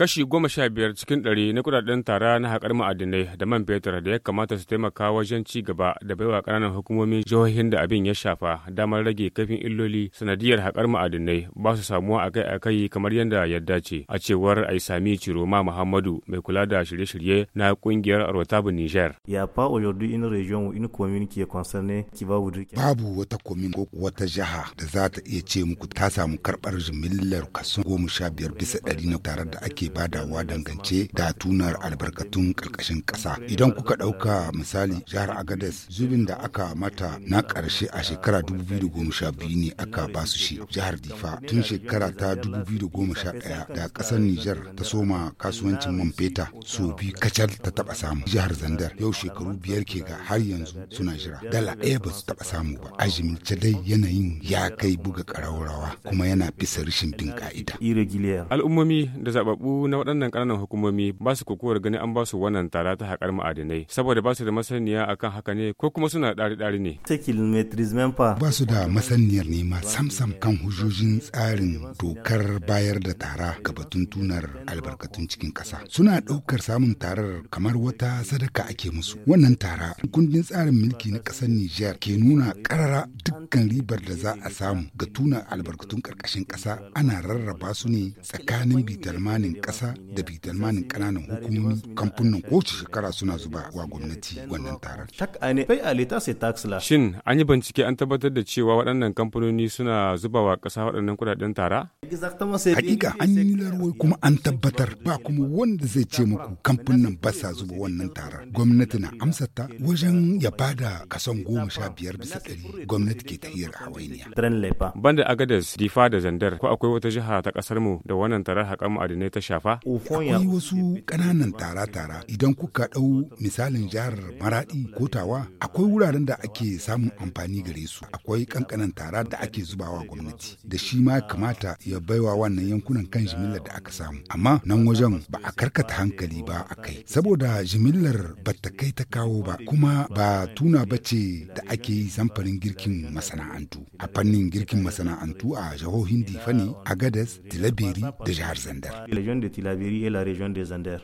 kashi goma sha biyar cikin ɗari na kudaden tara na haƙar ma'adinai da man fetur da ya kamata su taimaka wajen ci gaba da baiwa ƙananan hukumomin jihohin da abin ya shafa damar rage kafin illoli sanadiyar haƙar ma'adinai ba su samuwa akai akai kamar yadda ya dace a cewar aisami ciroma muhammadu mai kula da shirye-shirye na ƙungiyar rotabu niger. babu wata komin ko wata jiha da za ta iya ce muku ta samu karɓar jimillar kaso goma sha biyar bisa ɗari na tare da ake ake badawa dangance da tunar albarkatun ƙarƙashin ƙasa. Idan kuka ɗauka misali jihar Agadez zubin da aka mata na ƙarshe a shekara 2012 ne aka ba su shi. Jihar Difa tun shekara ta 2011 da ƙasar Nijar ta soma kasuwancin man feta so bi kacal ta taɓa samu. Jihar Zandar yau shekaru biyar ke ga har yanzu suna jira. Dala ɗaya ba su taɓa samu ba. Ajimince dai yanayin ya kai buga ƙararrawa kuma yana bisa rashin bin ƙa'ida. Al'ummomi da zaɓaɓɓu na waɗannan ƙananan hukumomi ba su kokowar ganin an ba su wannan tara ta haƙar ma'adinai saboda ba su da masaniya akan haka ne ko kuma suna ɗari-ɗari ne. Ba su da masaniyar nema samsam kan hujjojin tsarin dokar bayar da tara ga batun tunar albarkatun cikin ƙasa. Suna ɗaukar samun tarar kamar wata sadaka ake musu. Wannan tara kundin tsarin mulki na ƙasar Nijar ke nuna ƙarara dukkan ribar da za a samu ga tuna albarkatun ƙarƙashin ƙasa ana rarraba su ne tsakanin bitalmanin ƙasa da bitalmanin kananan hukumomi kamfunan kowace shekara suna zuba wa gwamnati wannan tarar. Shin an yi bincike an tabbatar da cewa waɗannan kamfanoni suna zuba wa ƙasa waɗannan kuɗaɗen tara? Hakika an yi larwai kuma an tabbatar ba kuma wanda zai ce muku kamfanin ba zuba wannan tara. Gwamnati na amsata wajen ya bada kason goma sha biyar bisa ɗari gwamnati ke tahiyar hawainiya. Banda Agadez, Difa da Zandar ko akwai wata jiha ta ƙasar mu da wannan tarar haƙar ma'adinai ta shafa? Akwai wasu ƙananan tara-tara idan kuka ɗau misalin jihar Maraɗi ko Tawa akwai wuraren da ake samun amfani gare su akwai ƙanƙanan tara da ake zubawa gwamnati da shi ma kamata ya iya baiwa wannan yankunan kan jimillar da aka samu amma nan wajen ba a karkata hankali ba a kai saboda jimillar ba ta kai ta kawo ba kuma ba tuna ba ce da ake yi samfarin girkin masana'antu a fannin girkin masana'antu a jihohin difani agadas tilaberi da jihar zandar